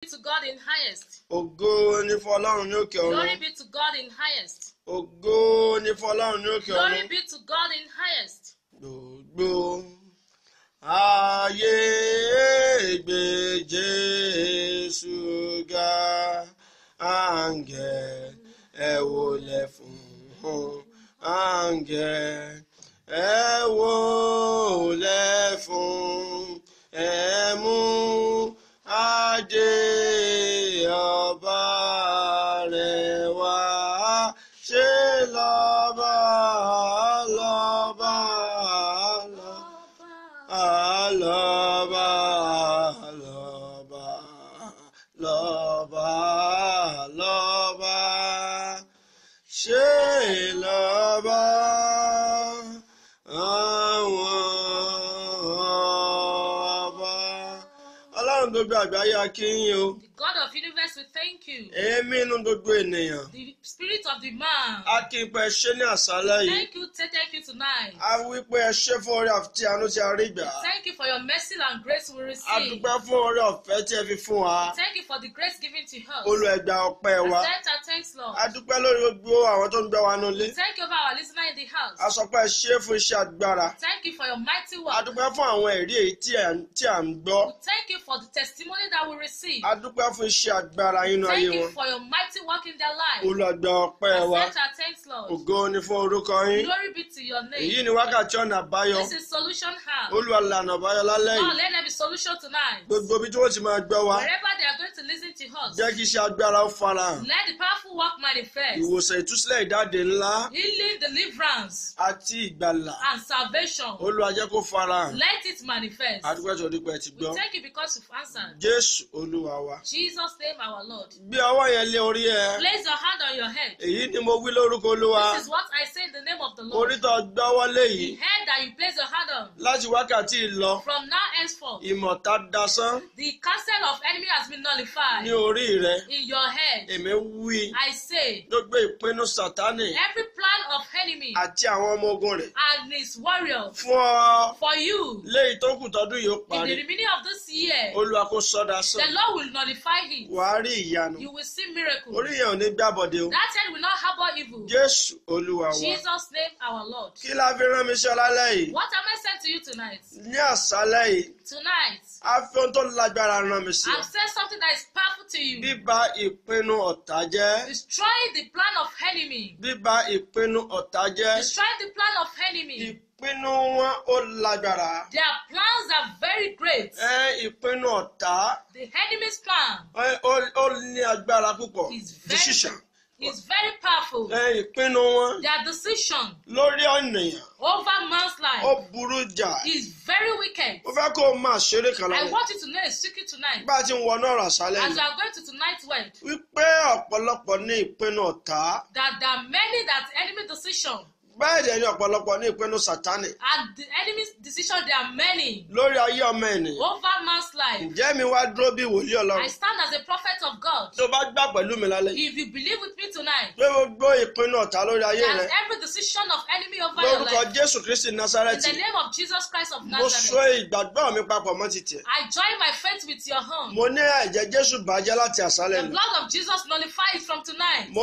be to God in highest. Ògo ni fún Ọlọ́run ní òkè ọ̀run. Glory be to God in highest. Ògo ni fún Ọlọ́run ní òkè ọ̀run. Glory be to God in highest. Gbogbo ayé gbé Jésù ga àǹgẹ̀ ẹ wólẹ̀ fún un àǹgẹ̀ ẹ wólẹ̀ fún ẹ mú ajé ọba. àgbáyé akínyìn o Èémí inú gbogbo ènìyàn. The spirit of the man. A kì í pẹ́ ṣe ní àṣálẹ́ yìí. Thank you thank, thank you tonight. A wí pé ẹ ṣé fún oore àti àánú tí a rí gbà. Thank you for your mercy and grace we receive. A dúpẹ́ fún oore ọ̀fẹ́ tí ẹ fi fún wa. Thank you for the grace given to us. Olùẹ̀gbà ọpẹ́ wa. Accept our thanks Lord. A dúpẹ́ lórí gbogbo àwọn tó ń gbẹ́ wa nílé. Thank you for our listener in the house. A sọ pé ẹ ṣé fún iṣẹ́ agbára. Thank you for your mighty work. A dúpẹ́ fún àwọn ẹ̀rí èyí tí à ń gbọ́. Thank you for the testimony that we receive. A dúpẹ́ fún iṣẹ́ agbára inú ayé wa ọlọ́run. for your mighty work in their life. olùgbà ọpẹ́ wa. our thanks lord. ògo ni fún orúkọ yín. glory be to your name. èyí ni wákàtí ọ̀nà àbáyọ. this is solution house. olùwàlànà àbáyọ lálẹ́ yìí. be solution tonight. gbogbo ibi tí wọ́n ti máa gbọ́ wa. wherever they are going to listen to us. jẹ́ kí iṣẹ́ agbára farahàn. let the powerful work manifest. ìwòsàn ìtúsílẹ̀ ìdáde ńlá. healing deliverance. àti ìgbàlà. and salvation. jẹ́ kó farahàn. let it manifest. adúgbò ti gbọ́. we thank you because you answered. jésù olúwa wa. jesus our lord. ọ ọwọ́ yẹn lé orí ẹ. Place your hand on your head. Èyí ni mo wí lórúkọ Olúwa. This is what I say in the name of the Lord. Orí tó gbọ́wọ́ lé yìí. The head that you place your hand on. Láti wákàtí lọ. From now henceforth. Ìmọ̀ta dasán. The castle of enemy has been nullified. Ní orí rẹ. In your head. Èmi wí. I say. Gbogbo ìpinnu Sátánì. Every plan of enemy. Àti àwọn ọmọ ogun rẹ̀. And his warriors. Fún ọ. For you. Léyìí tó kù tọdún yóò parí. In the remaining of this year. Olúwa sọ dasán. The Lord will nullify him. Wà rí ìyanu. You will see miracle. Orí yẹn ò ní gbàbọ̀dé o. That head will not harbor evil. Jésù Olúwa wa. Jesus name our Lord. Kí la fi rán mi ṣọlá lẹ́yìn? What am I sent to you tonight? Ní àṣálẹ́ yìí. Tonight. A fi ohun tó lágbára rán mi sí. I've said something that is powerful to you. Bíba ìpinnu ọ̀tá jẹ́. Destroying the plan of enemy. Bíba ìpinnu ọ̀tá jẹ́. Destroying the plan of enemy. Ìpinnu wọn ó lágbára. their plans are very great. ẹ ìpinnu ọ̀tá. the enemy's plan. ó ó ní agbára púpọ̀. is very decision is very powerful. ẹ ìpinnu wọn. their decision. lórí ọ̀nìyàn. over man's life. ó burú jà. is very wicked. mo fẹ́ kó o máa ṣeré kan lálẹ́. I want you to know a secret tonight. bá a ti ń wọnú ọ̀rọ̀ àṣálẹ́ as you are going to tonight's word. wípé ọ̀pọ̀lọpọ̀ ní ìpinnu ọ̀tá. that there are many that enemy decision bẹ́ẹ̀ dẹ̀ ni ọ̀pọ̀lọpọ̀ ní ìpinnu sátánì. and the enemy's decision there are many. lórí ayé ọmọ ènìyàn. over man's life. ǹjẹ́ mi wá dúró bí wòlíì ọlọ́run. I stand as a prophet of God. tó bá gbà pẹ̀lú mi lálẹ́. if you believe with me tonight. pé gbogbo ìpinnu ọ̀tá lórí ayé rẹ. and every decision of enemy over your life. lórúkọ Jésù Kristi Nazareth. in the name of Jesus Christ of Nazareth. mo so ìgbàgbọ́ mi papọ̀ mọ́ ti tiẹ̀. I join my faith with your own. mo ní ẹ̀jẹ̀ Jésù bàjẹ́ láti àṣálẹ̀ ni. the blood of Jesus nullifies from tonight. I'm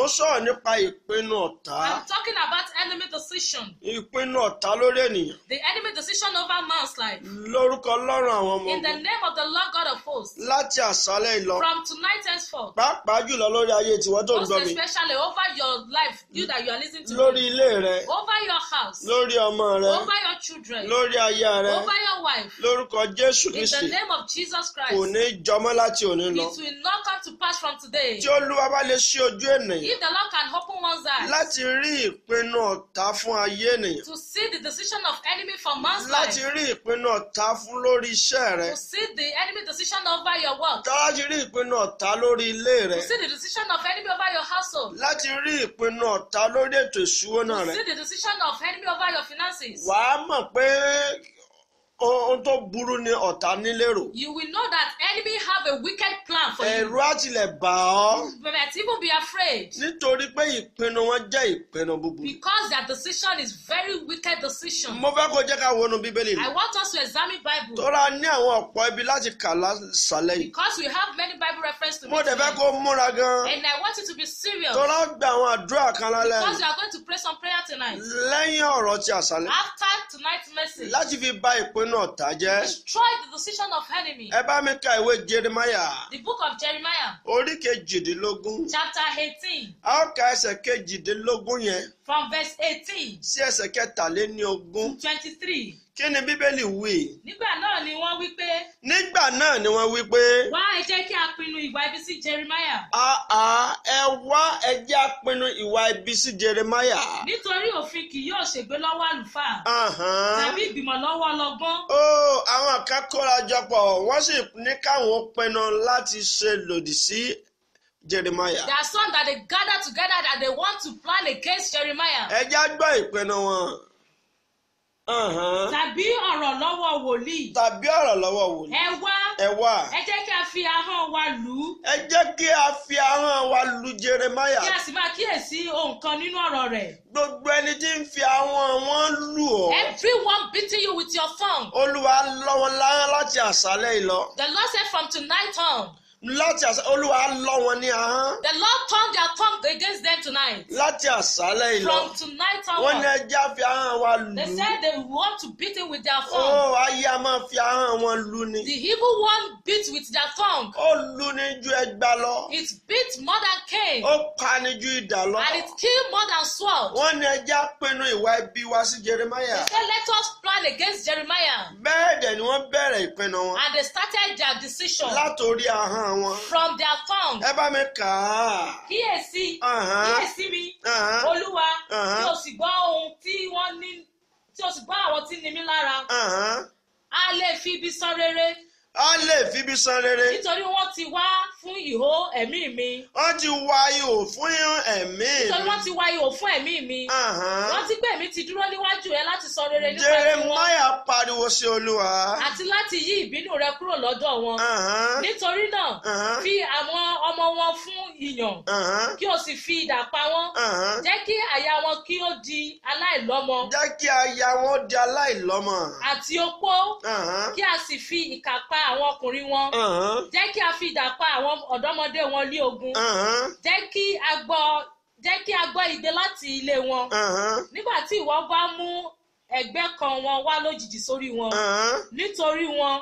talking about enemy decision. ìpinnu ọ̀tá lórí ènìyàn. the enemy decision over man's life. lórúkọ ọlọ́run àwọn ọmọ ogun. in the name of the lord god of hosts. láti àṣálẹ̀ ìlọ. from tonight henceforth. pàápàá jùlọ lórí ayé tiwọn tó ń gbọ́ mi. most especially over your life you that you are listening to. lórí ilé rẹ. over your house. lórí ọmọ rẹ. over your children. lórí aya rẹ over your wife. lórúkọ jésù kristi. in the name of Jesus Christ. kò ní jọmọ́ láti òní lọ. it will not come to pass from today. tí olúwa bá lè ṣí ojú ènìyàn. if the Lord can open one's eyes. láti rí ìpinnu ọ̀tá fún ayé ènìyàn. to see the decision of enemy for man's life. láti rí ìpinnu ọ̀tá fún lórí iṣẹ́ rẹ. to see the enemy decision over your work. láti rí ìpinnu ọ̀tá lórí ilé rẹ. to see the decision of enemy over your household. láti rí ìpinnu ọ̀tá lórí ètò ìṣúná rẹ. to see the decision of enemy over your finances. wàá mọ̀ mọ̀ pé ohun tó burú ni ọ̀tá ní you will know that enemy have a wicked plan for you. ẹ̀rù á tilẹ̀ bà ọ́. you might even be afraid. nítorí pé ìpinnu wọn jẹ́ ìpinnu búburú. because their decision is very wicked decision. mo fẹ́ kó jẹ́ ká wọnú bíbélì. I want us to examine Bible. tóra ní àwọn ọ̀pọ̀ ibi láti kà lásàlẹ̀ yìí. because we have many Bible references to read. mo dẹ̀ fẹ́ kó múra gan. and I want you to be serious. tóra gba àwọn àdúrà kan lálẹ́. because you are going to pray some prayer tonight. lẹ́yìn ọ̀rọ̀ ti àṣálẹ́. after tonight blessing. láti fi bà ìpinnu ọ̀tá jẹ́. destroy the decision of enemy. ẹ bá mi ka ìwé Jeremiah. the book of Jeremiah. orí kejìdínlógún. chapter eighteen. a ó ka ẹsẹ̀ kejìdínlógún yẹn from verse eighteen. sí ẹsẹ̀ kẹtàléní ogún. to twenty-three. kí ni bíbélì wí. nígbà náà ni wọ́n wí pé. nígbà náà ni wọ́n wí pé. wá ẹ jẹ́ kí a pinnu ìwà ibi sí Jeremiah. àà ẹ wá ẹ jẹ́ a pinnu ìwà ibi sí Jeremiah. nítorí òfin kì yóò ṣègbé lọ́wọ́ àlùfáà. tàbí ìgbìmọ̀ lọ́wọ́ ọlọ́gbọ́n. ó àwọn kan kóra jọpọ̀ wọ́n sì ní káwọn pinnu láti ṣe lòdì sí Jeremiah. There are some that they gather together that they want to plan against Jeremiah. Ẹ já gbọ́ ìpinnu wọn. Uh-huh. Tàbí ọ̀rọ̀ lọ́wọ́ wòlíì. Tàbí ọ̀rọ̀ lọ́wọ́ wòlíì. Ẹ wá. Ẹ wá. Ẹ jẹ́ kí a fi ahọ́n wa lù ú. Ẹ jẹ́ kí a fi ahọ́n wa lù Jeremiah. Kí a sì máa kíyèsí ohun kan nínú ọ̀rọ̀ rẹ̀. Gbogbo ẹni tí ń fi ahọ́n wọn lù ọ́. Everyone beating you with your phone. Olúwa lọ́wọ́ láyán láti àṣálẹ́ yìí lọ. The Lord said from tonight on láti àṣà olúwa lọ wọn ní ahọ́n. the lord turned their tongue against them tonight. láti àṣálẹ̀ ìlọ. from tonight onward. wọ́n ní ẹja fi ahọ́n wa lù. they said they want to beat him with their tongue. ó oh, ayé a máa fi ahọ́n wọn lù ni. the evil one beat with their tongue. ó lù ní ju ẹgbàá lọ. it beat more than Cain. ó pa ni ju idà lọ. and it killed more than sword. wọ́n ní ẹja pinnu ìwà ibi wa sí Jeremiah. they said let us plan against Jeremiah. bẹ́ẹ̀ dẹ̀ ni wọ́n bẹ̀rẹ̀ ìpinnu wọn. and they started their decision. látòrí ahọ́n wọn. from their tongue. ẹ bá mi kà á. kíyèsí kíyèsí mi olúwa tí o sì gbọ́ ohun tí wọ́n ní tí o sì gbọ́ àwọn tí ní mi lára. a lè fi ibi sọ rere a lè fi ibi san rere. nítorí wọ́n ti wá fún ìhó ẹ̀mí mi. wọ́n ti wá ihò fún ẹ̀mí mi. nítorí wọ́n ti wá ihò fún ẹ̀mí mi. wọ́n ti gbé mi ti dúró níwájú rẹ láti sọ rere nípa tiwọn. Jeremáyà pariwo sí Olúwa. àti láti yí ìbínú rẹ kúrò lọ́dọ̀ wọn. nítorí náà fi àwọn ọmọ wọn fún ìyàn. kí o sì fi idà pa wọ́n. jẹ́ kí àyà wọn kí ó di aláìlọ́mọ. jẹ́ kí àyà wọn di aláìlọ́mọ. àti opó. kí a sì fi ìkà àwọn ọkùnrin wọn jẹ́ kí a fi idà pa àwọn ọ̀dọ́mọdé wọn lé ogun jẹ́ kí a gbọ́ jẹ́ kí a gbọ́ igbe láti ilé wọn nígbà tí ìwọ bá mú ẹgbẹ́ kan wọn wá lójijì sórí wọn nítorí wọn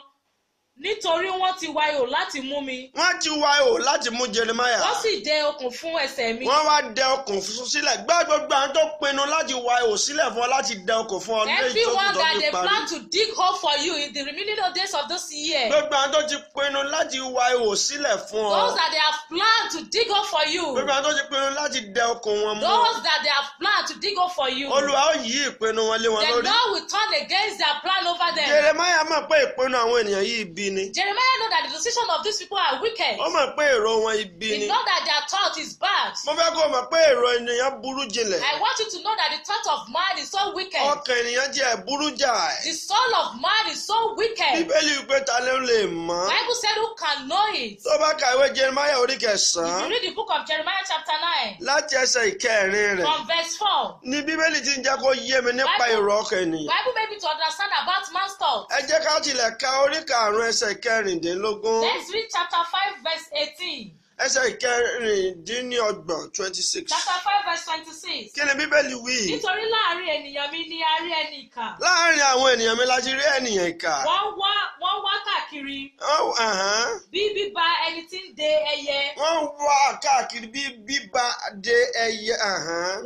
nítorí wọ́n ti wa ihò láti mú mi. wọ́n ti wa ihò láti mú Jeremiah. wọ́n sì dẹ okùn fún ẹsẹ̀ mi. wọ́n wá dẹ okùn sílẹ̀ gbẹ́ gbogbo àwọn tó pinnu láti wa ihò sílẹ̀ fún ọ láti dẹ okùn fún ọ ní èyí tó kù tó fi parí. everyone that dey plan to dig hole for you in the remaining days of this year. gbogbo àwọn tó ti pinnu láti wa ihò sílẹ̀ fún ọ. those that they have planned to dig hole for you. gbogbo àwọn tó ti pinnu láti dẹ okùn wọn mú. those that they have planned to dig hole for you. Olúwa ó yí ìpinnu wọn lé wọn lórí. the Lord will turn against their plan over them. Jeremiah mọ̀ pé ìpinnu àwọn ènìyàn yìí bí ibi Jeremiah know that the decision of these people are wicked. Ó mọ̀ pé èrò wọn ibi He know that their thought is bad. Mo fẹ́ kó o mọ̀ pé èrò ènìyàn burú jinlẹ̀. I want you to know that the thought of man is so wicked. Ọkàn ènìyàn jẹ́ burú jà. The soul of man is so wicked. Bíbélì pé ta ló lè mọ̀. Bible said who can know it. Tó bá ka ìwé Jeremiah orí kẹsàn-án. If you read the book of Jeremiah chapter nine. Láti ẹsẹ̀ ìkẹrin rẹ̀. From verse four. Ni Bíbélì ti ń jẹ́ kó yé mi nípa èrò ọkàn ènìyàn. Bible made me to understand about man's thought. Ẹ jẹ́ ká tilẹ̀ ka orí karùn-ún ẹsẹ̀ kẹrìndínlógún. let's read chapter five verse eighteen ẹsẹ̀ ìkẹrìndínlọ́gbọ̀n twenty six. chapter five verse twenty six. kí ni bíbélì wí. nítorí láàárín ènìyàn mi ni a rí ẹni ìkà. láàárín àwọn ènìyàn mi la ti rí ènìyàn ìkà. wọ́n wá wọ́n wá káàkiri. bí bíba ẹni tí ń de ẹyẹ. wọ́n wá káàkiri bí bíba de ẹyẹ.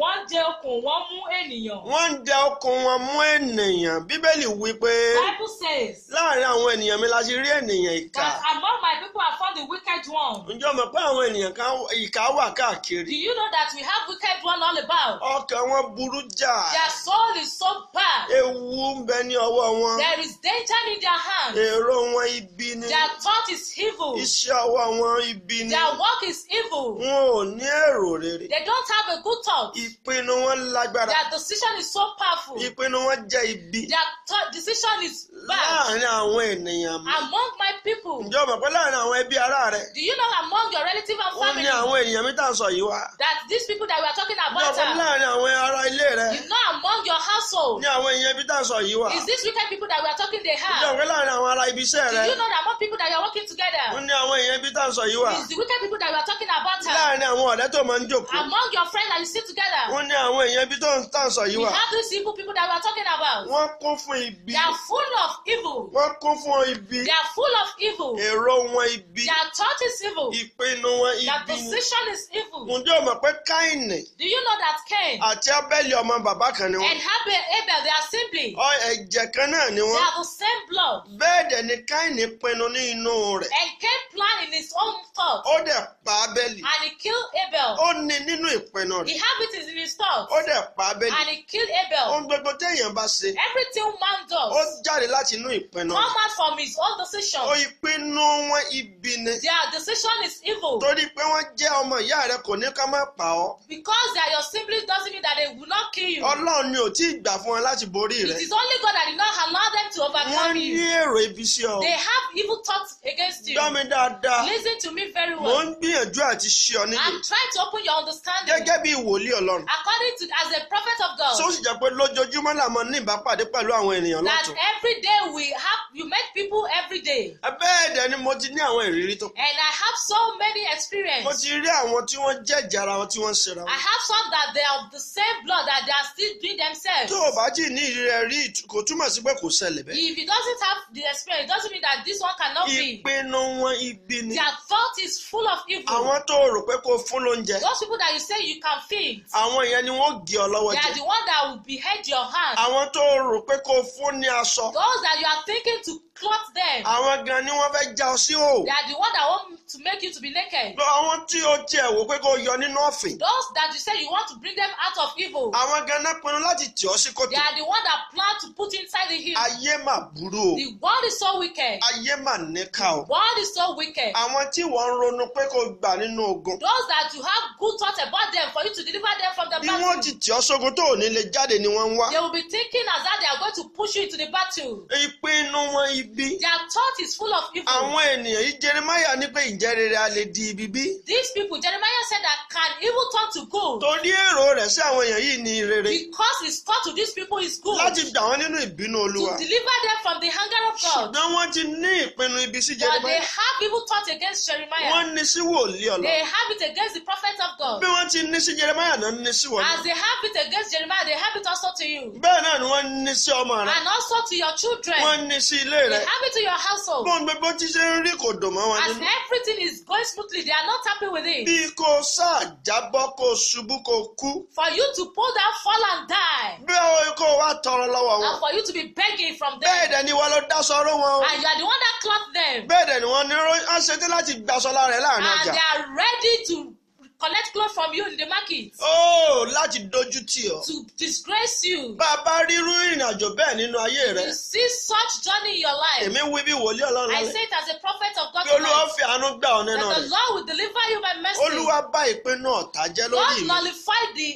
wọ́n de okùn wọn mú ènìyàn. wọ́n de okùn wọn mú ènìyàn. bíbélì wí pé. bible says. láàárín àwọn ènìyàn mi la ti rí ènìyàn ìkà. that among my people I found the wicked one. ǹjọ́ mọ̀ pé pé àwọn ènìyàn kan ìkà wà káàkiri. do you know that we have wicked one all about. ọkàn wọn burú jà. their soul is so bad. ewu ń bẹ ní ọwọ́ wọn. there is danger in their hands. èrò wọn ibi ni. their thought is evil. iṣẹ́ ọwọ́ wọn ibi ni. their work is evil. wọn ò ní èrò rere. they don't have a good thought. ìpinnu wọn lágbára. their decision is so powerful. ìpinnu wọn jẹ́ ibi. their decision is bad. láàárín àwọn ènìyàn mi. among my people. ǹjẹ́ o mọ̀ àwọn ẹbí ará rẹ. do you know among your relative and family. ó ní àwọn èèyàn mi tá a sọ yìí wá. that these people that we are talking about are. ní láàrin àwọn ará ilé rẹ. is not among your household. ní àwọn èèyàn ibi tá a sọ yìí wá. is this wicked people that we are talking they have. ní ọ̀pọ̀ láàrin àwọn ará ibi iṣẹ́ rẹ. do you know that among people that you are working together. ó ní àwọn èèyàn ibi tá a sọ yìí wá. is the wicked people that we are talking about láàrin àwọn ọ̀rẹ́ tó máa ń jókòó. among your friends that you sit together. ó ní àwọn èèyàn ibi tó ń tà sọ yìí wá. we have these evil people that we are talking about. wọ́n kún fún ibi. they are full of evil. they are full of evil. èrò wọn ibi. their thought is evil. ìpinnu ìpinnu wọn ibi ni. That decision is evil. Ǹjẹ́ o mọ̀ pé Káìnì? Do you know that Cain? Àti Abẹ́lì ọmọ bàbá kan ni wọ́n. And Abel, Abel they are siblings. Ọ ẹ̀jẹ̀ kan náà ni wọ́n. They are the same blood. Bẹ́ẹ̀ dẹ̀ ni Káìnì pinnu ní inú rẹ̀. And Cain plan in his own thought. Ó dẹ̀ pa Abẹ́lì. And he killed Abel. Ó ní nínú ìpinnu rẹ̀. The habit is in his thought. Ó dẹ̀ pa Abẹ́lì. And he killed Abel. Ohun gbogbo téèyàn bá ṣe. Everything man does. Ó jáde láti inú ìpinnu. Come out from his own decision. Ó ìpinnu wọn ibi ni. Their decision is evil torí pé wọ́n jẹ́ ọmọ ìyá rẹ kò ní ká má pa ọ́. because they are your siblings doesn't mean that they will not kill you. ọlọ́run ni ò tí ì gbà fún ẹ láti borí rẹ. it is only God that did not allow them to overcome you. wọ́n ní èrò ibi sí ọ. they have evil thoughts against you. gbọ́ mi dáadáa. listen to me very well. mo ń gbìyànjú àti ṣe ọ nílò. I'm trying to open your understanding. gẹ́gẹ́ bí ìwòlíì ọlọ́run. according to as a prophet of God. sọ́ọ́sì jẹ́ pé lójoojúmọ́ làwọn ní ìbápàdé pẹ̀lú àwọn ènìyàn lọ́tọ̀. that every day we have you meet people every day. bẹ́ẹ̀ dẹ̀ ni mo ti ní àwọn ìrírí and I have so many many experiences. mo ti rí àwọn tí wọ́n jẹ̀jẹ̀ ara wọn tí wọ́n ń wọn. I have some that they are of the same blood that they are still doing themselves. tó o bá jì ní ìrírí rí kò túmọ̀ sí pé kò ṣẹlẹ̀ bẹ́ẹ̀. if he doesn't have the experience it doesn't mean that this one cannot be. ìpinnu wọn ibi ni. their thought is full of evil. àwọn tó o rò pé kó fún lóúnjẹ. those people that you say you can feed. àwọn yẹn ni wọ́n gé ọ lọ́wọ́ jẹ. they are the one that will behead your hand. àwọn tó o rò pé kó fún ní aṣọ. those that you are thinking to clothe them. àwọn gan ni wọ́n fẹ́ já ọ sí o. they are the one that want to make you to be naked. àwọn tí o jẹ wò pé kó yọ nínú ọ̀fìn. those that you say you want to bring them out of evil. àwọn gan náà pinnu láti tì ọ sí kòtò. they are the one that plan to put inside the hill. ayé mà burú o. the world is so wicked. ayé mà níkà o. the world is so wicked. àwọn tí wọ́n ronú pé kó gbà nínú ogun. those that you have good thoughts about them for you to deliver them from the battle. bí wọ́n ti tì ọ sógun tó ò ní lè jáde ni wọ́n ń wá. they will be thinking as that they are going to push you into the battle. ìpinnu wọn ibi bí. their thought is full of evil. àwọn ènìyàn yìí Jeremiah ní pé ǹjẹ́ rere a lè di ibi bí. these people Jeremiah said that can evil turn to good. torí èrò rẹ̀ sí àwọn èèyàn yìí ni rere. because his thought to these people is good. láti gbà wọ́n nínú ìbínú Olúwa. to deliver them from the anger of God. ṣùgbọ́n wọ́n ti ní ìpinnu ibi sí Jeremiah. but they have evil thought against Jeremiah. wọ́n ní sí wòlíì ọ̀la. they have it against the prophet of God. bí wọ́n ti ní sí Jeremiah náà ní sí wọ́n. as they have it against Jeremiah they have it also to you. bẹ́ẹ̀ náà ni wọ́n ní sí ọmọ rẹ̀. and also to your children. wọ́n ní sí ilé rẹ̀. Have it happened to your household. bọ́n gbogbo ti ṣe ń rí kò dùn mọ́ wọn. as everything is going smoothly they are not happy with it. bí kò sáà jábọ́ kò ṣubú kò kú. for you to pull down fall and die. bí o kò wá tọrọ lọ́wọ́ wọn. and for you to be begging from them. bẹ́ẹ̀ dẹ̀ ni wọ́n ló dáṣọ ọ̀rọ̀ wọn. and you are the one that cloth them. bẹ́ẹ̀ dẹ̀ ni wọ́n ní ó ṣetí láti gbaṣọ lára ẹ̀ láàrin ọjà. and they are ready to collect cloth from you in the market. Oh, láti dojú tì ọ́. To disgrace you. Bá a bá rírú ìrìnàjò bẹ́ẹ̀ nínú ayé rẹ. You see such journey in your life. Èmi wí bí wòlíì Ọlọ́run. I say it as a prophet of God. Bí Olúwa fi àánú gbà ọ́ nínú rẹ̀. That the Lord will deliver you by mercy. Olúwa bá ìpinnu ọ̀tá jẹ́ lórí mi. God nullified the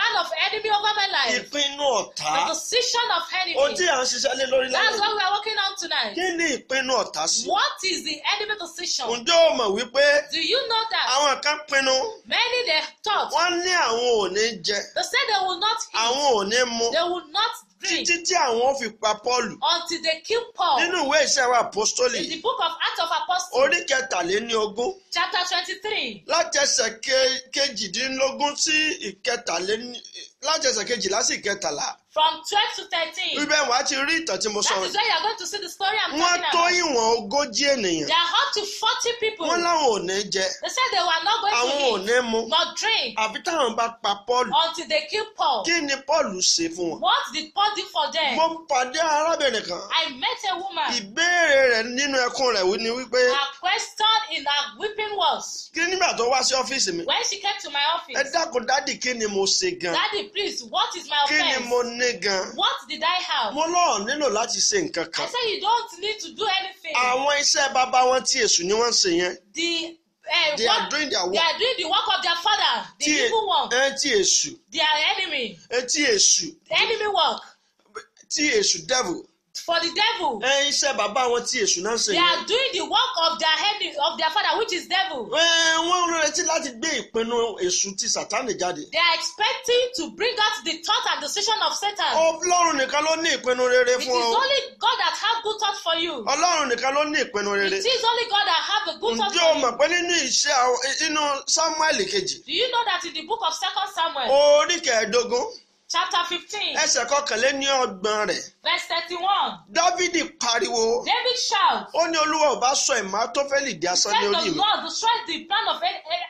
plan of enemy over my life. ìpinnu ọ̀tá. the decision of enemy. ohun tí à ń ṣiṣẹ́ lé lórí lẹ́yìn. that's what we are working on tonight. kí ni ìpinnu ọ̀tá sí. what is the enemy decision. ǹjẹ́ o mọ̀ wípé. do you know that. àwọn kan pinnu. many they thought. wọ́n ní àwọn ò ní jẹ. they said they will not eat. àwọn ò ní mu. they will not títí tí àwọn fi pa Paul. until they kill Paul. nínú ìwé iṣẹ́ àwọn apostoli. in the book of Acts of Apostles. orí kẹtàléníogún. chapter twenty-three. láti ẹsẹ̀ kejìdínlógún sí ìkẹtàléní láti ẹsẹ̀ kejìlá sí ìkẹtàlá from twelve to thirteen. ibẹ̀ wá ti rí ìtàn tí mo sọ. that is where you are going to see the story I'm telling you. wọ́n tó ìwọ̀n ogójì ènìyàn. there are up to forty people. wọ́n láwọn ò ní jẹ. they said they were not going àwọn to eat. àwọn ò ní mu. not drink. àfi táwọn bá pa Paul. until they kill Paul. kí ni Paul ṣe fún wọn. what did Paul do for them. mo pàdé arábìnrin kan. I met a woman. ìbéèrè rẹ̀ nínú ẹkún rẹ̀ ni wípé. her question in her weeping was. kí nígbà tó wá sí ọ́fíìsì mi. when she came to my office. ẹ dákun dádì kí ni mo ṣe gan. dádì please what is my offence. kí ni mo ní ní gan. what did I have? mo lọ nílò láti ṣe nǹkan kan. I said you don't need to do anything. àwọn iṣẹ́ bàbá wọn tí èṣù ni wọ́n ń ṣe yẹn. the uh, they work, are doing their work. they are doing the work of their father. the tí, evil one. etí eh, èṣù. their enemy. etí eh, èṣù. enemy work. tí èṣù devil for the devil. ẹ ń ṣe bàbá wọn tí èṣù náà ṣe. they are doing the work of their head of their father which is devil. ẹ wọ́n ń retí láti gbé ìpinnu èṣù ti sátánì jáde. they are expecting to bring out the thought and decision of Satan. ọlọ́run nìkan ló ní ìpinnu rere fún ọ. it is only God that have good thoughts for you. ọlọ́run nìkan ló ní ìpinnu rere. it is only God that have a good thought for you. ǹjẹ́ o mọ̀ pé nínú iṣẹ́ inú Samuel kejì. do you know that in the book of second Samuel. orí kẹẹ̀ẹ́dógún chapter fifteen. ẹsẹ̀ kọkànléní ọgbọ̀n rẹ̀. verse thirty-one. dávidi pariwo. david shout. ó ní olúwa ò bá sọ ìmọ́tófẹ́lì di asán ní orí mi. the Lord of God the plan of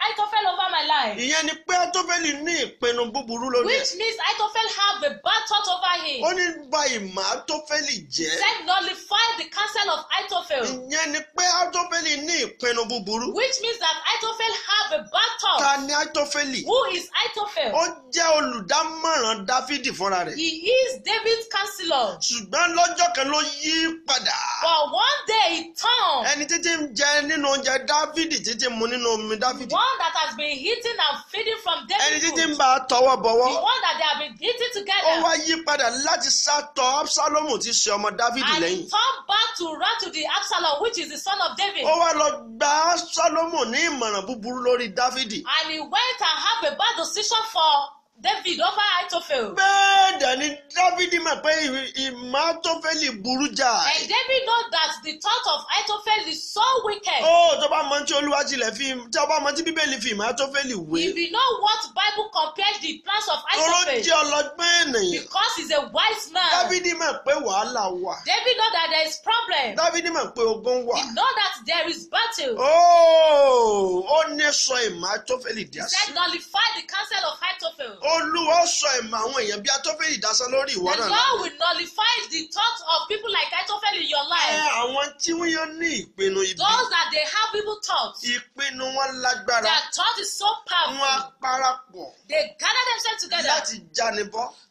Ahithophel over my life. ìyẹn ni pé Ahithophel ní ìpinnu búburú lórí ẹ̀. which means Ahithophel have a bad thought over him. ó ní bà ìmọ́tófẹ́l jẹ́. said nullify the counsel of Ahithophel. ìyẹn ni pé Ahithophel ní ìpinnu búburú. which means that Ahithophel have a bad thought. ta ni Ahithophel? who is Ahithophel? ó jẹ́ olùdámọ̀ràn dáfídì fúnra rẹ̀. he is David's counselor. ṣùgbọ́n lọ́jọ́ kan ló yí padà. but one day he turned. ẹni títí ń jẹ nínú oúnjẹ dáfídì títí mu nínú omi dáfídì. one that has been eating and feeding from David. ẹni títí ń bá a tọwọ́ bọ̀wọ́. the one that they have been eating together. ó wá yí padà láti sá absalomu ti ṣe ọmọ dáfídì lẹ́yìn. and he turned back to run to the absalom which is the son of David. ó wá lọ gba absalomu ní ìmọ̀ràn búburú lórí dáfídì. and he went and have a bad decision for. David ọba Aitofel. bẹ́ẹ̀ dàní Dáfídì mọ̀ pé ìmọ̀ Aitofeli burú jà. And David know that the thought of Aitofel is so wicked. ó oh, tó bá mọ tí olúwa tilẹ̀ fi tí ọba mọ tí bíbélì fi ìmọ̀ Aitofeli wé. If you know what Bible compares the plans of Aitofel. toró jẹ́ ọlọ́gbọ́n ènìyàn. Because he's a wise man. Dáfídì mọ̀ pé wàhálà wà. David know that there is problem. Dáfídì mọ̀ pé ogun wà. He know that there is battle. ooo. Oh. Ayé sọ ìmọ̀ Atófẹ́lì di asán. He said nullify the counsel of Ahithophel. Olúwa sọ ìmọ̀ àwọn èèyàn bí Atófẹ́lì dasán lórí ìwọ náà. The Lord will nullify the thoughts of people like Ahithophel in your life. Ẹ àwọn tí wọ́n yóò ní ìpinnu ibi. Those that they have evil thoughts. Ìpinnu wọn lágbára. Their thought is so powerful. Wọ́n á parapọ̀. They gather themselves together. Láti jáni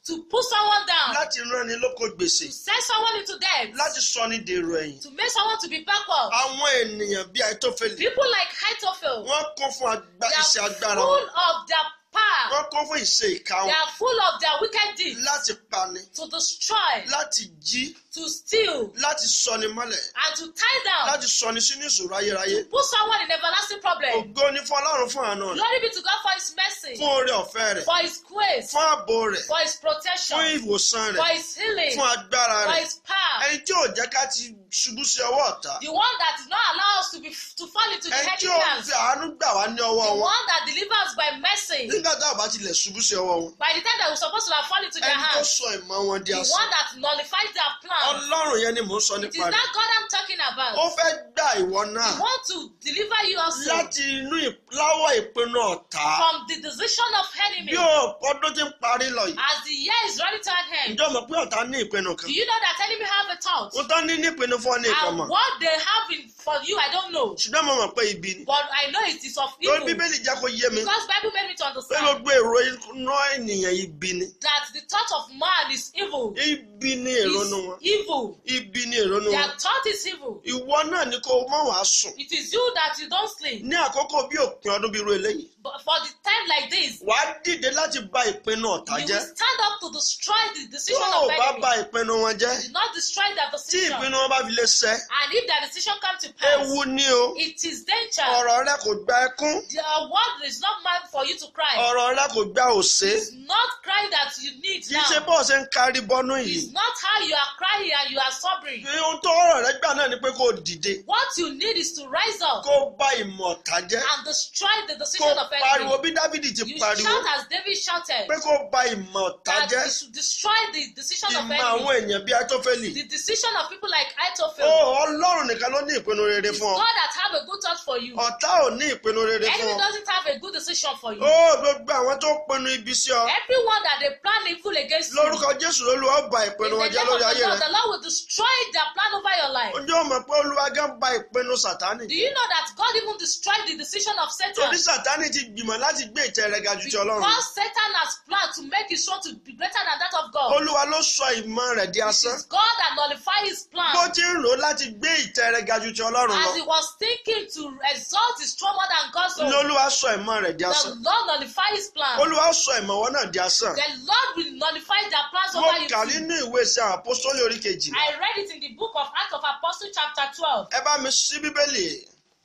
to put someone down. láti rán ni lóko gbèsè. to send someone into debt. láti sọ ni dèrò ẹ̀yìn. to make someone to be backward. àwọn ènìyàn bíi Aitofeli. people like Aitofel. wọ́n kún fún iṣẹ́ agbára they are full of their power. wọ́n kún fún ìṣe ìka wọn. they are full of their wicked deeds. láti pani. to destroy. láti jí to steal. láti sọ ni mọ́lẹ̀. and to tie down. láti sọ ni sínú ìṣòro ayérayé. to put someone in everlasting problem. ògo ni fún ọlọ́run fún àánú rẹ̀. glory be to God for his mercy. fún oore ọ̀fẹ́ rẹ̀. for his grace. fún ààbò rẹ̀. for his protection. fún ìwòsàn rẹ̀. for his healing. fún agbára rẹ̀. for his power. ẹni tí ò jẹ́ ká ti ṣubú sí ọwọ́ ọ̀tá. the one that did not allow us to be to fall into the heavy hands. ẹni tí ó fi àánú gbà wá ní ọwọ́ wọn. the one that delivers us by mercy. nígbà tá a bá tilẹ̀ ṣubú sí ọwọ́ wọn. by the time that we suppose to have fallen into their hands. ẹni tó sọ ìmọ̀ wọn di asán. the one that nullifies their plan ọlọ́run yẹn ni mò ń sọ nípa rẹ̀. it is that God I'm talking about. ó fẹ́ gbà ìwọ náà. he want to deliver you also. láti inú láwọ̀ ìpinnu ọ̀tá. from the decision of enemy. yóò ọdún tí ń parí lọ yìí. as the year is running to an end. ǹjọ́ mọ̀ pé ọ̀tá ní ìpinnu kan. do you know that enemy have a thought. ó ní ní ìpinnu fún ọ ní ìkànnì. and what they have in for you I don't know. ṣùgbọ́n mo mọ̀ pé ibi ni. but I know it is of evil. lórí bíbélì jẹ́ kó yé mi. because bible made me to understand. pé gbogbo èrò iná ènìyàn ibi ni. that the thought of man is evil. ibi ni èrò nu wọn. is evil. ibi ni èrò nu wọn. their thought is evil. ìwọ náà ni kò mọ̀ wá sùn. it is you that you don't sleep. ní àkókò bí òpin ọdún bí irú eléyìí. but for the time like this. wà á dìde láti bá ìpinnu ọ̀tá jẹ́. you will stand up to destroy the decision of enemy. yóò bá bá ìpinnu wọn jẹ́. do not destroy their decision. tí ìpinnu wọn bá fi lè ṣẹ. and if their decision come to ewu ni o. it is danger. ọ̀rọ̀ rẹ kò gba ẹkún. their word is not meant for you to cry. ọ̀rọ̀ ńlá kò gbá òṣè. it's not crying that you need now. kì bọ́ọ̀ ṣe ń kárí bọ́nú yìí. it's not how you are crying and you are sobbing. ohun tó ọ̀rọ̀ rẹ gbà náà ni pé kó dìde. what you need is to rise up. kó bá ìmọ̀ta jẹ́. and destroy the decision of enemy. kó pariwo bí Dávidi ti pariwo. you shout as David shouted. pé kó bá ìmọ̀ta jẹ́. that you should destroy the decision of enemy. ìmọ̀ àwọn èèyàn bí Aitofeli. the decision of people like Aitofeli. oh Ọlọ́run nìkan ló ní ìpinnu rere fún ọ. it's God that have a good thought for you. ọ̀tá ò ní ìpinnu rere fún ọ. enemy doesn't have a good decision for for you. ó oh, gbogbo àwọn tó pinnu ibi sí ọ. everyone that dey plan evil against you. lórúkọ Jésù lólúwa ó bà ìpinnu wọn jẹ́ lórí ayé rẹ. in the name of the Lord the Lord will destroy their plan over your life. ǹjẹ́ o mọ̀ pé Olúwa gan bà ìpinnu Sátánì. do you know that God even destroyed the decision of Satan? torí Sátánì ti gbìmọ̀ láti gbé ìtẹ́ rẹ̀ ga ti Ọlọ́run. because Satan has planned to make his son to be greater than that of God. Olúwa ló sọ ìmọ̀ rẹ̀ di asán. it is God that nullifies his plan. bó ti ń rò láti gbé ìtẹ́ rẹ̀ ga ti Ọlọ́run lọ. as he was thinking to exalt his throne than God's own. lólúwa sọ ìmọ̀ rẹ̀ di asán. Lord nullifies plans. plan. Olúwa ó sọ náà di asán. The Lord will nullify their plans over you. Mo kà nínú ìwé iṣẹ́ àpòsólì orí kejì. I read it in the book of Acts of Apostles chapter twelve. Ẹ bá mi ṣí Bíbélì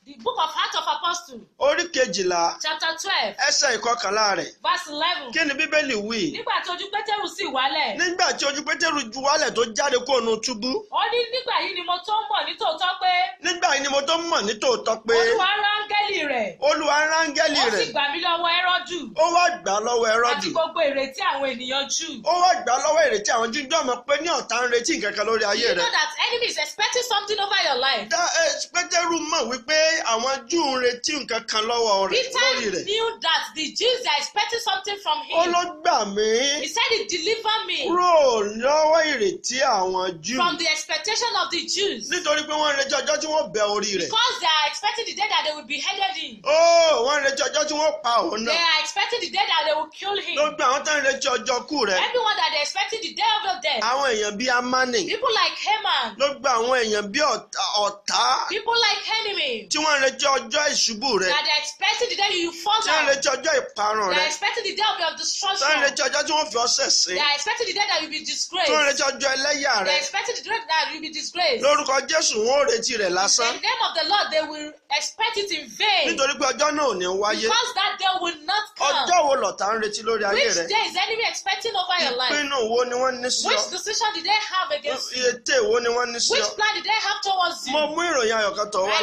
the book of Acts of Apostle, orí kejìlá. chapter twelve. ẹsẹ̀ ìkọkànlá rẹ̀. verse eleven. kí ni bíbélì wí. nígbà tí ojú pétérù sì wálẹ̀. nígbà tí ojú pétérù ju wálẹ̀ tó jáde kó nu túbú. ó ní nígbà yìí ni mo tó ń mọ̀ ní tòótọ́ pé. nígbà yìí ni mo tó ń mọ̀ ní tòótọ́ pé. olúwa rángẹ́lì rẹ̀. olúwa rángẹ́lì rẹ̀. ó sì gbà mí lọ́wọ́ ẹ́rọ́dù. ó wá gbà lọ́wọ́ ẹ́rọ́dù. àti gbogbo ìrètí àwọn ènìyàn jù. ó wá gbà lọ́wọ́ ìrètí àwọn jù jọ́ mọ̀ pé you know that enemy expecting something over your life. dá ẹ pétérù mọ̀ wípé àwọn Júù ń retí nǹkan kan lọ́wọ́ rẹ̀ lórí rẹ̀. Peter knew that the Jews are expecting something from him. Ó ló gbà mí. He said he deliver me. Kúrò lọ́wọ́ ìrètí àwọn Júù. From the expectation of the Jews. Nítorí pé wọ́n ń retí ọjọ́ tí wọ́n bẹ orí rẹ̀. Because they are expecting the day that they will be headed in. Oh, wọ́n ń retí ọjọ́ tí wọ́n pa òun náà. They are expecting the day that they will kill him. Ló gbà àwọn tó retí ọjọ́ kú rẹ̀. Everyone that they are expecting the day of your death. Àwọn èèyàn bíi Amani. People like Haman. Ló gbà àwọn èèyàn bíi ọ̀tá. People like enemy. Tí wọ́n retí ọjọ́ ìṣubú rẹ. that they are expecting the day you fall down. tí wọ́n retí ọjọ́ ìparun rẹ. they are expecting the day of your destruction. tí wọ́n retí ọjọ́ tí wọ́n fi ọ́ sí. they are expecting the day that you be disgraced. tí wọ́n retí ọjọ́ ẹlẹ́yà rẹ. they are expecting the day that you be disgraced. lórúkọ Jésù wọn ò retí rẹ lásán. in the name of the Lord they will expect it in vain. nítorí pé ọjọ́ náà ò ní wáyé. because that day will not come. ọjọ́ wo lọ̀tá ń retí lórí ayé rẹ. which day is enemy expecting over your life. ìpinnu which decision did they have against you. which plan did they have towards you.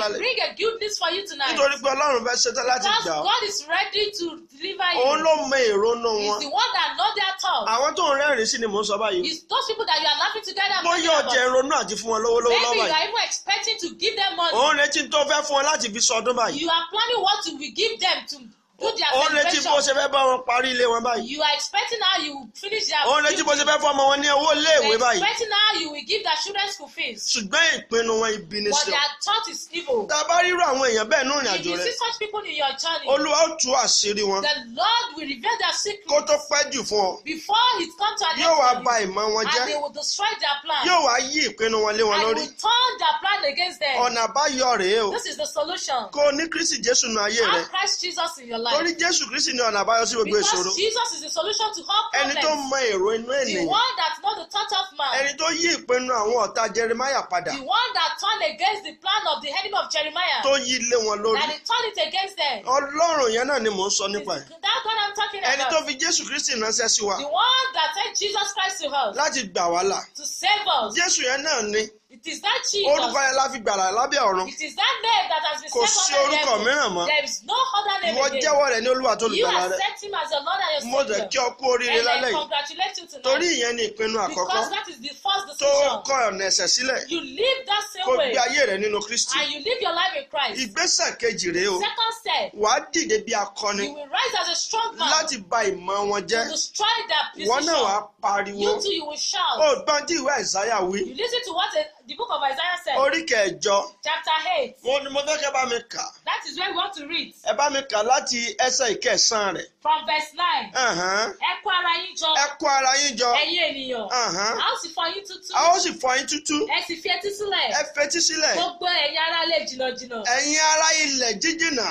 I bring a good this for you tonight. nítorí pé ọlọ́run fẹ́ ṣetán láti gbà. because God is ready to deliver you. òun ló mọ èrò nù wọn. is the one that know their thought. àwọn tó ń rẹ́rìn-ín sí ni mò ń sọ báyìí. it's those people that you are laughing together. bóyá ọjà ìrònú àti fún wọn lówó lówó lọ́wọ́ yìí. maybe you are even expecting to give them money. òun retí tó fẹ́ fún wọn láti fi sọdún báyìí. you are planning what to give them to do retí bó ṣe fẹ́ bá wọn parí ilé wọn báyìí. you are expecting how you finish their. retí bó ṣe fẹ́ fọmọ wọn ní owó iléèwé báyìí. expecting how you will give their children school fees. ṣùgbọ́n ìpinnu wọn ibi ni sí. but their thought is evil. tá bá rírọ àwọn èèyàn bẹ́ẹ̀ ní ìrìnàjò rẹ. you see such people in your journey. olúwa ó tú àṣírí wọn. the lord will reveal their secret. kó tó pẹ́ jù fún ọ. before it comes to an end. yóò wá bà ìmọ̀ wọn jẹ́. and they will destroy their plan. yóò wá yí ìpinnu wọn lé wọn lórí. and will turn their plan against them. ọ̀nà àbáyọ rèé o. this is the solution. kó o ní Kristi Jésù nù ayé rẹ. Christ Jesus in your life torí Jésù Kristi ni ọ̀nà àbáyọ sí gbogbo ìṣòro. because Jesus is the solution to all problems. ẹni tó mọ èrò inú ènìyàn. the one that knows the thought of man. ẹni tó yí ìpinnu àwọn ọ̀tá Jeremiah padà. the one that turned against the plan of the enemy of Jeremiah. tó yí ilé wọn lórí. that he turned it against them. Ọlọ́run yẹn náà ni mò ń sọ nípa ẹ̀. that God I'm talking about. ẹni tó fi Jésù Kristi ránṣẹ́ sí wa. the one that sent Jesus Christ to us. láti gbà wá là. to save us. Jésù yẹn náà ni it is that Jesus. orúkọ yẹn la fi lábẹ́ ọ̀run. it is that name that has been set under heaven. kò mìíràn mọ́. there is no other name again. ìwọ jẹ́wọ́ rẹ̀ ní olúwa tó lùgbàlà rẹ̀. you have him as your lord and your savior. mo jẹ́ kí ọ kú oríire lálẹ́ yìí. and I congratulate you torí ìyẹn ni ìpinnu àkọ́kọ́. because that is the first decision. tó kọ ọ̀nà ẹ̀ṣẹ̀ sílẹ̀. you live that same way. kó gbé ayé rẹ̀ nínú Kristi. and you live your life in Christ. ìgbésẹ̀ kejì rèé o. second step. wàá dìde bí akọni. you will rise as a strong man. láti bà ìmọ̀ wọn jẹ́. to destroy their position. wọ́n náà wàá pariwo. you too you will shout. o gbọ́n tí ìwé Àìsáyà wí. you listen to what a the book of Isaiah said. Orí kẹjọ. Chapter eight. Wọ́n ní mo fẹ́ kẹ́ bá mi kà. That is where we want to read. Ẹ bá mi kà láti ẹsẹ̀ ìkẹsàn rẹ̀. From verse nine. Ẹ kó ara yín jọ. Ẹ kó ara yín jọ. Ẹ̀yin ènìyàn. A ó sì fọ yín tútú. A ó sì fọ yín tútú. Ẹ sì fi etí sílẹ̀. Ẹ fetí sílẹ̀. Gbogbo ẹ̀yin ará ilẹ̀ jìnnàjìnnà. Ẹ̀yin ará ilẹ̀ jíjìnnà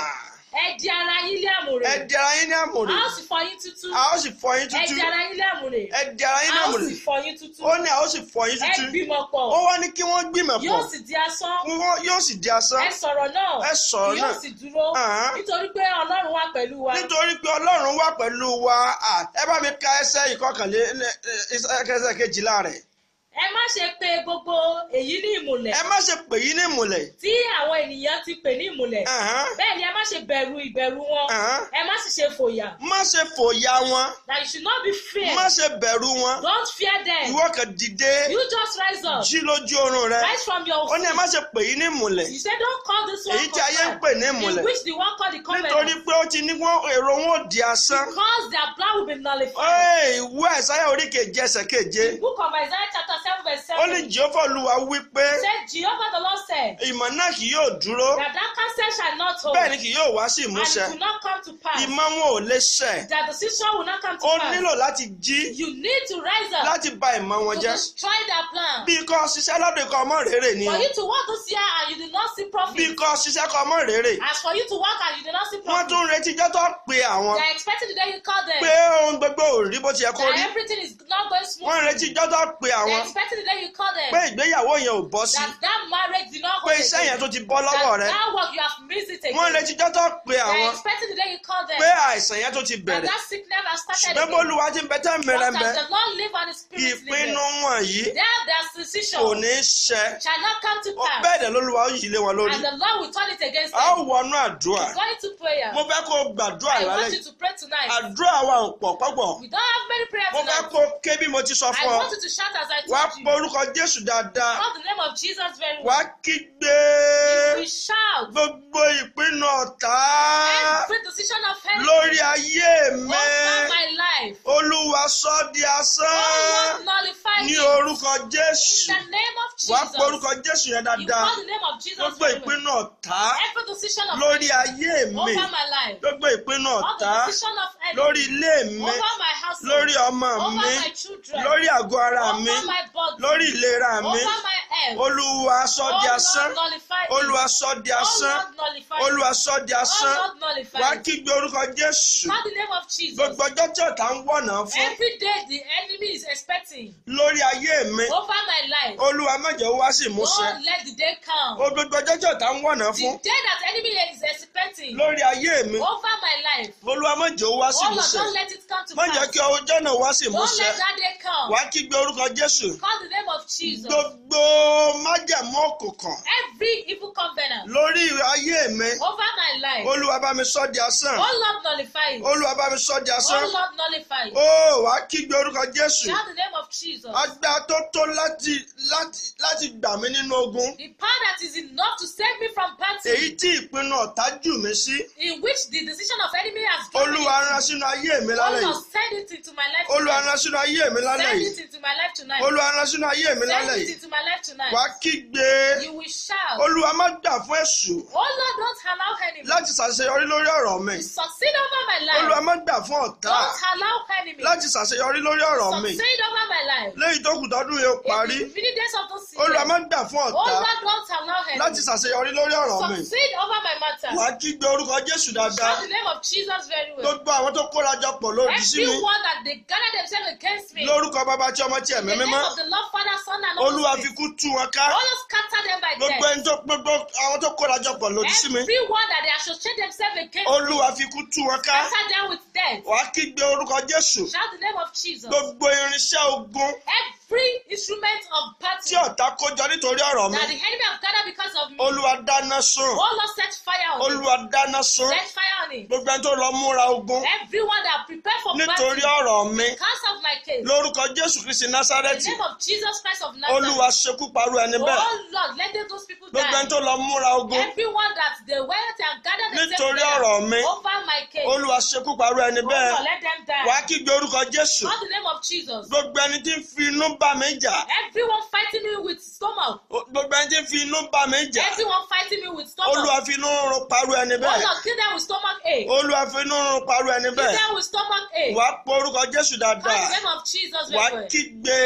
ẹ di ara yín ní àmùrè. ẹ di ara yín ní àmùrè. a ó sì fọ yín tútú. a ó sì fọ yín tútú. ẹ di ara yín ní àmùrè. ẹ di ara yín ní àmùrè. a ó sì fọ yín tútú. ó ní a ó sì fọ yín tútú. ẹ gbìmọ̀ pọ̀. ó wá ní kí wọ́n gbìmọ̀ pọ̀. yóò sì di asán. wọ́n yóò sì di asán. ẹ sọ̀rọ̀ náà. ẹ sọ̀rọ̀ náà. yóò sì dúró. nítorí pé ọlọ́run wà pẹ̀lú wa. nítorí pé ọlọ́run wà pẹ̀lú wa. ẹ bá mi ka ẹsẹ̀ ìkọkànlé ẹsẹ̀ kejìlá rẹ̀ ẹ má ṣe pè gbogbo èyí ní ìmùlẹ̀. ẹ má ṣe pè yí ní ìmùlẹ̀. tí àwọn ènìyàn ti pè ní ìmùlẹ̀. Uh-huh. bẹ́ẹ̀ ni ẹ má ṣe bẹ̀rù ìbẹ̀rù wọn. Uh-huh. ẹ má sì ṣe fòyà. má ṣe fòyà wọn. that you should not be fear. má ṣe bẹ̀rù wọn. don't fear them. ìwọ kan dìde. you just rise up. jí lójú oorun rẹ. rise from your feet. ó ní ẹ má ṣe pè yí ní ìmùlẹ̀. you say don't call this one. èyí tí ayé ń pè ní ìmùlẹ̀. in which the one called the covenant. nítorí pé ó ti ní wọn èrò wọn ò di asán. because their plan will be nullified. ìwé Àìsáyà orí keje ẹsẹ̀ keje seven verse ó ní jehova olúwa wí pé. ṣé jehova the lord said. ìmọ̀ náà kì yóò dúró. that that shall not hold. bẹ́ẹ̀ ni kì yóò wá sí ìmúṣẹ. and it will not come to pass. ìmọ̀ wọn ò lè ṣẹ. that the decision will not come to pass. ó nílò láti jí. you need to rise up. láti bà ìmọ̀ wọn jẹ́. to destroy their plan. bí kò ṣiṣẹ́ lọ́dún kan ọmọ rere ni. for you to work this year and you did not see profit. bí kò ṣiṣẹ́ kan ọmọ rere. as for you to work and you did not see profit. wọ́n tún retí jọ́tọ̀ pé àwọn. they are expecting the day you call them. pé ohun gbogbo ò rí bó ti yẹ kó rí. that everything is not going smooth. wọ́n retí jọ́tọ̀ pé àwọn expecting the day you call them. pé ìgbéyàwó yẹn ò bọ́ sí. that that marriage did not hold a day. pé iṣẹ́ yẹn tó ti bọ́ lọ́wọ́ rẹ. that that work you have missed it again. wọ́n retí jọ́tọ̀ pé àwọn. they expecting the day you call them. pé àìsàn yẹn tó ti bẹ̀rẹ̀. and that sickness has started again. ṣùgbọ́n olúwa ti ń bẹ tẹ́ mẹ́rẹ̀mẹ́. the Lord live and his spirit live. ìpinnu wọ̀nyí. their their decision. kò ní ṣẹ. shall not come to pass. bẹ́ẹ̀ dẹ̀ lólúwa yìí lé wọn lórí. and the Lord will turn it against them. a ó wọnú àdúrà. we go into prayer. mo fẹ́ kó gbàdúrà I want to pray tonight. àdúrà wa ò pọ̀ we don't have many prayers tonight. mo fẹ́ kó ké bí mo ti I want to shout as I wàá pọ orúkọ Jésù dáadáa. call the name of Jesus very well. wàá kígbe. you will shout. gbogbo ìpinnu ọ̀tá. every decision of heaven. lórí ayé mi. over my life. olúwa sọ di asán. God will nullify me. ní orúkọ Jésù. in the name of Jesus. wàá pọ orúkọ Jésù yẹn dáadáa. you call the name of Jesus very well. gbogbo ìpinnu ọ̀tá. every decision of lórí ayé mi. over my life. gbogbo ìpinnu ọ̀tá. all the decision of heaven. lórí ilé mi. over my house. lórí ọmọ mi. over my children. lórí àgọ́ ara mi. over my lórí ìlera mi olúwa sọ di oh, asán olúwa sọ di oh, asán olúwa sọ di oh, asán wá kígbe orúkọ jésù gbogbo ọjọ́ tí ọ̀tá ń wọ̀nà fún lórí ayé mi olúwa má jẹ́ wá sí ìmúṣẹ gbogbo ọjọ́ tí ọ̀tá ń wọ̀nà fún lórí ayé mi olúwa má jẹ́ wá sí ìmúṣẹ má jẹ́ kí ọjọ́ náà wá sí ìmúṣẹ wá kígbe orúkọ jésù call the name of Jesus. Gbogbo májẹ̀mú òkùnkàn. Every evil covenant. Lórí ayé mi. Over my life. Olúwa bá mi sọ di asán. Oh Lord nullify it. Olúwa bá mi sọ di asán. Oh Lord nullify it. Ó oh, kígbe orúkọ Jésù. Shout the name of Jesus. Agbá tó tó láti láti láti gbà mí nínú ogun. The power that is enough to save me from party. Èyí tí ìpinnu ọ̀tá jù mí sí. In which the decision of enemy has given me. Olúwa rán sínú ayé mi lálẹ́ yìí. God send it into my life tonight. Olúwa rán sínú ayé mi lálẹ́ yìí. Send it into my life tonight. Olúwa rán sínú ayé mi lálẹ́ yìí wàá kígbe olúwa má gbà fún èṣù oh láti ṣàṣeyọrí lórí ọ̀rọ̀ mi olúwa má gbà fún ọ̀tá láti ṣàṣeyọrí lórí ọ̀rọ̀ mi lẹ́yìn tó kù tọ́dún yóò parí olúwa má gbà fún ọ̀tá oh láti ṣàṣeyọrí lórí ọ̀rọ̀ mi wàá kígbe orúkọ Jésù dáadáa gbogbo àwọn tó kóra jọ pọ̀ lòdì sí mi lórúkọ bàbá tí ọmọ tí ẹ̀mí mímọ́ the Lord Father, Son, and Holy Spirit. Olúwa fi kú tú wọn ká. Olúwa scatter them by death. Gbogbo ẹni tó gbogbo àwọn tó kóra jọ pọ̀ lòdì sí mi. Everyone that they associate themselves again. me. Olúwa fi kú tú wọn ká. Scatter them with death. Wàá kígbe orúkọ Jésù. Shout the name of Jesus. Gbogbo irinṣẹ́ ogun. Every free instrument of battle. tí ọ̀tá kójọ nítorí ọ̀rọ̀ mi. that the enemy have gathered because of me. olúwa dáná sun. all Lord set fire on me. olúwa dáná sun. set fire on me. gbogbo ẹni tó lọ múra ogun. everyone that prepare for battle. nítorí ọ̀rọ̀ mi. because of my case. lórúkọ jésù kristi násárẹ́tì. the name of jesus christ of nazareth. olúwa ṣekú parú ẹni bẹ́ẹ̀. oh lord let those people die. gbogbo ẹni tó lọ múra ogun. everyone that they went and gathered themselves there. nítorí ọ̀rọ̀ mi. over my case. olúwa ṣekú parú ẹni bẹ́ẹ̀. oh lord let them die. wàá kí gbé orúkọ jésù. call the name of jesus. gbogbo ẹni tí ń fi inú bá mi jà. everyone fighting me with stomach. gbogbo ẹni tí fi inú bá mi jà. everyone fighting me with stomach. olúwa fi inú rún parú ẹni bẹ́ẹ̀. God kill them with stomach ache. olúwa fi inú rún parú ẹni bẹ́ẹ̀. kill them with stomach ache. wàá porúkọ Jésù dáadáa. in the name of Jesus we pray. wàá kígbe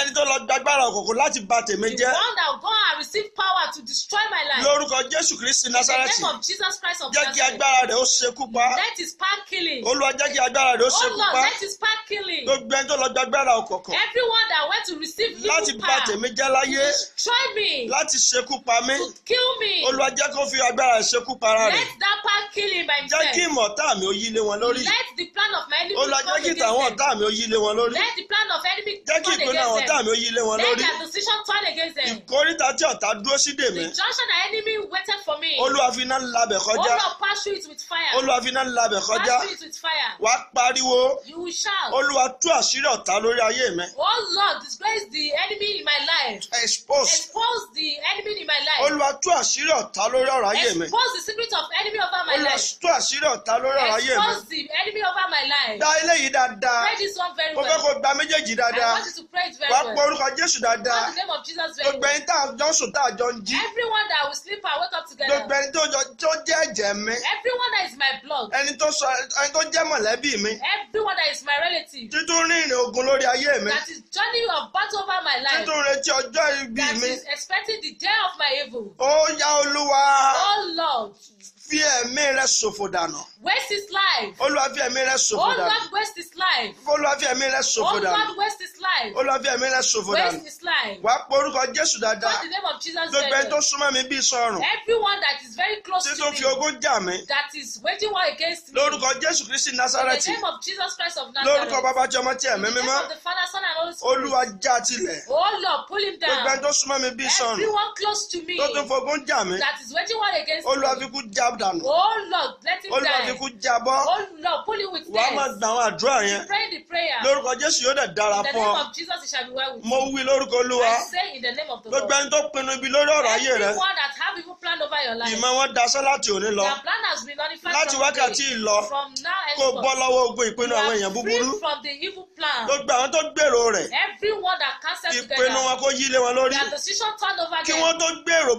ẹni tó lọ gbàgbára òkùnkùn láti bà tèmi jẹ́. the one that go and receive power to destroy my life. lórúkọ Jésù Kristi Násárẹ́tì. in the name of Jesus Christ of Nazareth. jẹ́ kí agbára rẹ̀ ó ṣekú pa. that is power killing. olúwa jẹ́ kí agbára rẹ̀ ó ṣekú oh pa. oh Lord that is power killing. gbogbo ẹni tó lọ gbàgbára òkùnkùn. everyone one that went to receive you láti bà tèmi jẹ́ láyé destroy me láti ṣekú pa mí kill me Olúwa jẹ́ kó fi agbára ṣekú para rẹ̀ let that power kill him by himself jẹ́ kí ìmọ̀tá mi ó yí lé wọn lórí let the plan of my enemy come against them Olúwa jẹ́ kí tàwọn ọ̀tá mi ó yí lé wọn lórí let the plan of enemy come against them jẹ́ kí ìpinnu àwọn ọ̀tá mi ó yí wọn lórí let their decision turn against them ìkórìtà tí ọ̀tá dúró sí dèmí the junction that enemy waited for me Olúwa fi iná labẹ̀ kọjá Olúwa pass through it with fire Olúwa fi iná labẹ̀ kọjá pass through it with fire wàá pariwo you will shout Olúwa tú àṣírí ọ̀tá lórí ayé mi. all Lord disgrace the enemy in my life. expose expose the enemy in my life. Olúwa tú àṣírí ọ̀tá lórí ọ̀rọ̀ ayé mi. expose the secret of enemy over my life. Olúwa tú àṣírí ọ̀tá lórí ọ̀rọ̀ ayé mi. expose the enemy over my life. dá eléyìí dáadáa. pray this one very well. mo fẹ́ kó gba méjèèjì dáadáa. I want you to pray it very well. wàá pọ orúkọ Jésù dáadáa. call the name of Jesus very well. gbogbo ẹni tá a jọ ń sùn tá a jọ ń jí. everyone that will sleep and wake up together. gbogbo ẹni tó jẹ́ ẹ̀jẹ̀ mi. everyone that is my blood. ẹni tó jẹ́ mọ̀lẹ́bí mi. everyone that is my relative. títún rìnrìn ogun lórí ayé mi. that is journey you have battled over my life. títún retí ọjọ́ ibi mi. that is expecting the day of my evil. ó yá olúwa. oh lord fi ẹ̀mí rẹ ṣòfò dànù. waste his life. olúwa fi ẹ̀mí rẹ ṣòfò oh, dànù. olúwa waste his life. olúwa fi ẹ̀mí rẹ ṣòfò oh, dànù. olúwa waste his life. olúwa fi ẹ̀mí rẹ ṣòfò dànù. waste his life. wàá porúkọ Jésù dáadáa. for the name of Jesus Christ. gbogbo ẹni tó súnmọ́ mi bíi sọ̀rùn. everyone that is very close to me. títún fi ogún jà mí. that is waging war against me. lórúkọ Jésù Kristi Násárẹ́tì. in the name of Jesus Christ of Nazareth. lórúkọ bàbá tí ọmọ tí in the name of the Father Son and Holy Spirit. olúwa já tilẹ̀. Oh, Lord pull him down. everyone close to me. that is waging war against me dànù. oh lord let him die. olùkọ́ ti kú jábọ́. oh lord pull him with death. wàá máa gba àdúrà yẹn. pray the prayer. lórúkọ jésù yóò dẹ̀ dára fún ọ. in the name of jesus it shall be well with you. mo wí lórúkọ olúwa. i say in the name of the lord. gbogbo ẹni tó pinnu ibi lórí ọ̀rọ̀ ayé rẹ. everyone that have even planned over your life. ìmọ̀ wọn daṣẹ́ láti òní lọ. their plan has been nullified from today. láti wákàtí ìlọ. from now henceforth. kó bọ́ lọ́wọ́ ogun ìpinnu àwọn èèyàn búburú. free from the evil plan. gbogbo àwọn tó gbèrò rẹ̀. everyone that cancel together. ìpinnu wọn kó yílé wọn over them. kí wọ́n tó gbèrò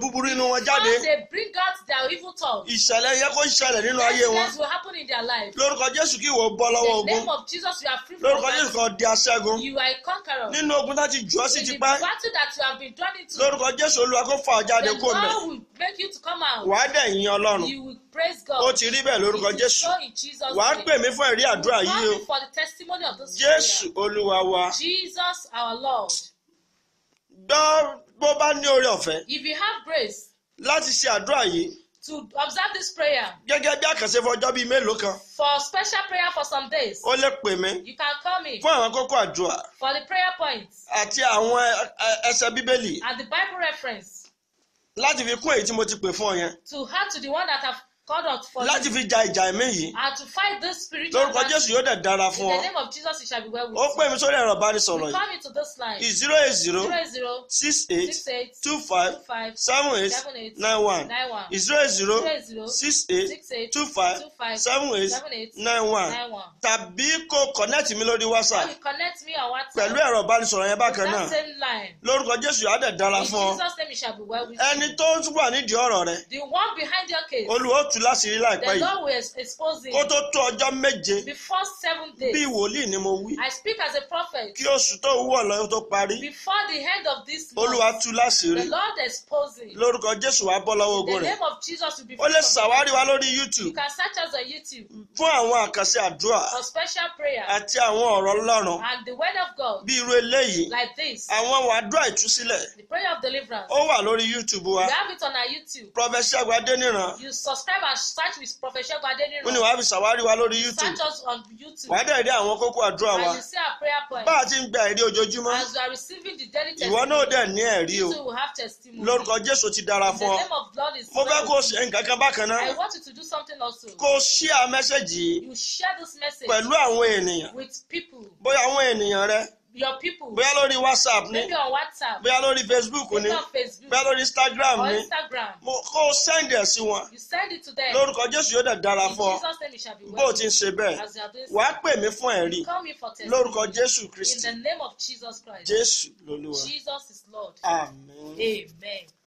bring out their evil thoughts ìṣẹ̀lẹ̀ yẹn kó ṣẹlẹ̀ nínú ayé wọn. will happen in their life. Lórúkọ Jésù kí ìwọ bọ́ lọ́wọ́ ogun. name of Jesus you are free from Lórúkọ Jésù kan di aṣẹ́gun. You are conqueror. Nínú ogun tá ti jù ọ́ sí ti pẹ́. that you have been drawn into. Lórúkọ Jésù Olúwa kó fà ọ́ jáde kó mẹ́. The will make you to come out. Wàá dẹ̀ yin Ọlọ́run. You will praise God. Ó ti rí bẹ́ẹ̀ lórúkọ Jésù. Wàá pè mí fún ẹ̀rí àdúrà yìí o. Jésù Olúwa wa. Jesus our Lord. Gbọ́ bó bá ní oore ọ̀fẹ́. If you have grace. Láti ṣe àdúrà yìí to observe this prayer. gẹ́gẹ́ bí àkànṣe fún ọjọ́ bíi mélòó kan. for special prayer for some days. ó lè pè mí. you can call me. fún àwọn kókó àdúrà. for the prayer points. àti àwọn ẹsẹ̀ bíbélì. and the bible reference. láti fi kún èyí tí mo ti pè fún ọ yẹn. to add to the one that I've conduct for you. láti fi ja ìjà ẹ̀mí yìí. and to fight this spiritual battle. lórúkọ Jésù yóò dẹ̀ dára fún ọ. the name of Jesus it shall be well with you. ó pè mí sórí ẹ̀rọ ìbánisọ̀rọ̀ yìí. we zero eight zero. six eight. two five. seven eight. nine one. nine zero eight zero. six eight. two five. seven eight. nine one. nine tàbí kó connect mi lórí WhatsApp. connect me on WhatsApp. pẹ̀lú ẹ̀rọ ìbánisọ̀rọ̀ yẹn bákan náà. with that same line. lórúkọ Jésù yóò dẹ̀ dára fún ọ. Jesus name shall be well with you. ẹni tó wà nídìí ọ̀rọ̀ rẹ. the one behind your case. olùwọ́ tù tú láṣìírí láìpẹ́ yìí. the Lord will expose kó tó tó ọjọ́ méje. before seven days. bí wòlíì ni mo wí. I speak as a prophet. kí oṣù tó wúwọ̀ lọ tó parí. before the end of this month. olúwa tú láṣìírí. the Lord exposing. lórúkọ Jésù wàá bọ́ lọ́wọ́ ogun rẹ̀. the name of Jesus will be free. ó lè ṣàwárí wa lórí YouTube. you can search us on YouTube. fún àwọn àkànṣe àdúrà. for special prayer. àti àwọn ọ̀rọ̀ Ọlọ́run. and the word of God. bí irú eléyìí. like this. àwọn wàdúrà ìtúsílẹ̀. the prayer of deliverance. ó wà lórí YouTube wa. you have it on our YouTube. prophet Ṣẹ́gun Adéníran. you subscribe and search with prophet Ṣẹ́gun Adéníran. ó ní wàá fi ṣàwárí wa lórí YouTube. search us on YouTube. wàá dẹ̀ rí àwọn kókó àdúrà wa. and you see our prayer point. bá a ti ń gba ẹ̀rí ojoojúmọ́. as you are receiving the daily testimony. ìwọ náà dẹ̀ ní ẹ̀rí o. so we have testimony. lórúkọ Jésù ti dára fún ọ. the name of God is well. mo fẹ́ kó o ṣe nǹkan kan bákan náà. I want you to do something also. kó o a message yìí. you share this message. pẹ̀lú àwọn ènìyàn. with people. bóyá àwọn ènìyàn rẹ your people. bóyá lórí whatsapp ni bóyá lórí facebook ni bóyá lórí instagram ni mo kó send ẹ̀ sí wọn lórúkọ jésù yóò dẹ̀ dára fún ọ bó o ti ń ṣe bẹ́ẹ̀ wà á pè mí fún ẹ̀rí lórúkọ jésù kristi jésù lolúwa amen. amen.